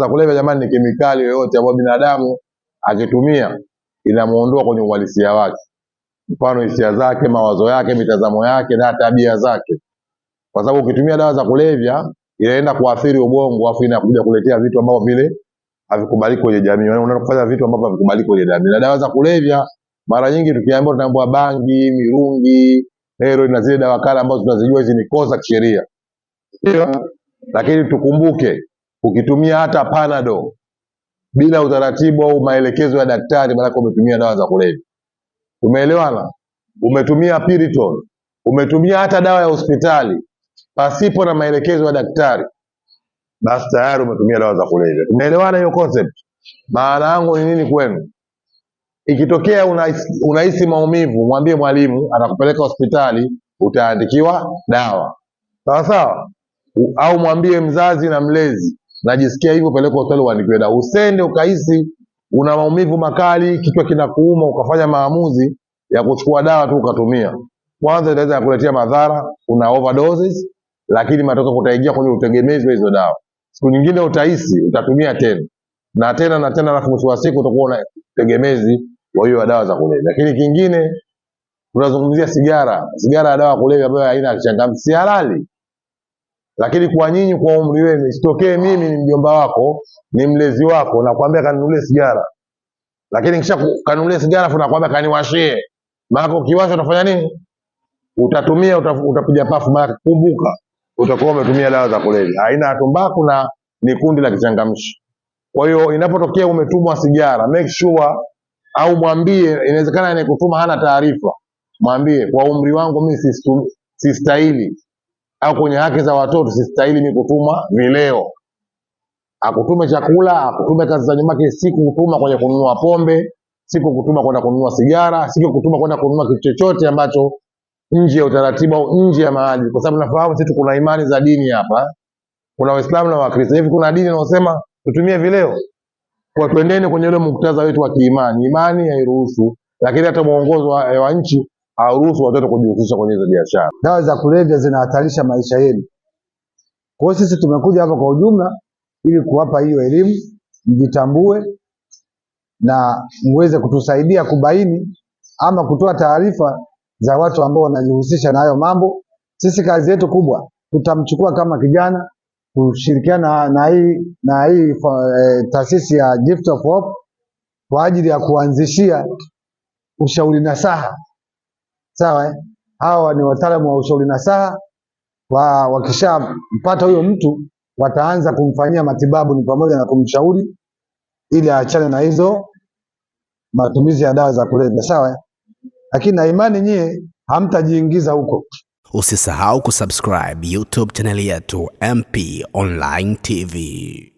Sasa kulevya jamani, ni kemikali yoyote ambayo binadamu akitumia inamuondoa kwenye uhalisia wake, mfano hisia zake, mawazo yake, mitazamo yake na tabia zake, kwa sababu ukitumia dawa za kulevya inaenda kuathiri ubongo, afu inakuja kuletea vitu ambavyo vile havikubaliki kwenye jamii, yaani unaenda kufanya vitu ambavyo havikubaliki kwenye jamii. Na dawa za kulevya mara nyingi tukiambiwa, tunaambiwa bangi, mirungi, heroin na zile dawa kali ambazo tunazijua hizi ni kosa kisheria, lakini tukumbuke Ukitumia hata panado bila utaratibu au maelekezo ya daktari, maanake umetumia dawa za kulevya. Umeelewana? Umetumia piriton, umetumia hata dawa ya hospitali pasipo na maelekezo ya daktari, basi tayari umetumia dawa za kulevya. Umeelewana hiyo concept? Maana yangu ni nini kwenu? Ikitokea unahisi maumivu, mwambie mwalimu, anakupeleka hospitali, utaandikiwa dawa sawa sawa, au mwambie mzazi na mlezi najisikia hivyo, peleka hospitali uandikiwe dawa. Usende ukahisi una maumivu makali, kichwa kinakuuma, ukafanya maamuzi ya kuchukua dawa tu ukatumia. Kwanza inaweza kukuletea madhara, una overdoses, lakini matokeo kutaingia kwenye utegemezi wa hizo dawa. Siku nyingine utahisi utatumia tena na tena na tena, alafu mwisho wa siku utakuwa na utegemezi wa hiyo dawa za kulevya. Lakini kingine tunazungumzia sigara, sigara ya dawa ya kulevya ambayo haina changamshi, halali lakini kwa nyinyi, kwa umri wenu, isitokee mimi ni mjomba wako, ni mlezi wako, nakwambia kanunulie sigara, lakini kisha kanunulie sigara afu nakwambia kaniwashie. Maana ukiwasha utafanya nini? Utatumia, utapiga pafu. Maana kumbuka, utakuwa umetumia dawa za kulevya aina ya tumbaku, na ni kundi la kichangamshi. Kwa hiyo inapotokea umetumwa sigara, make sure au mwambie, inawezekana anayekutuma hana taarifa, mwambie kwa umri wangu mimi sistahili au kwenye haki za watoto, sistahili mi kutuma vileo, akutume chakula, akutume kazi za nyumbani, siku kutuma kwenye kununua pombe, siku kutuma kwenda kununua sigara, siku kutuma kwenda kununua kitu chochote ambacho nje ya utaratibu au nje ya maadili, kwa sababu nafahamu sisi kuna imani za dini hapa, kuna Waislamu na Wakristo. Hivi kuna dini inayosema tutumie vileo? Kwa twendeni kwenye ule muktadha wetu wa kiimani, imani hairuhusu, lakini hata mwongozo wa, wa nchi haruhusu watoto kujihusisha kwenye hizo biashara. Dawa za kulevya zinahatarisha maisha yenu. Kwa hiyo sisi tumekuja hapa kwa ujumla ili kuwapa hiyo elimu, mjitambue na muweze kutusaidia kubaini ama kutoa taarifa za watu ambao wanajihusisha na hayo mambo. Sisi kazi yetu kubwa, tutamchukua kama kijana, kushirikiana na hii na hii e, taasisi ya Gift of Hope kwa ajili ya kuanzishia ushauri nasaha Sawa eh? Hawa ni wataalamu wa ushauri nasaha wa wakishampata huyo mtu wataanza kumfanyia matibabu, ni pamoja na kumshauri ili aachane na hizo matumizi ya dawa za kulevya. Sawa eh? Lakini na imani nyie hamtajiingiza huko. Usisahau kusubscribe YouTube chaneli yetu MP Online TV.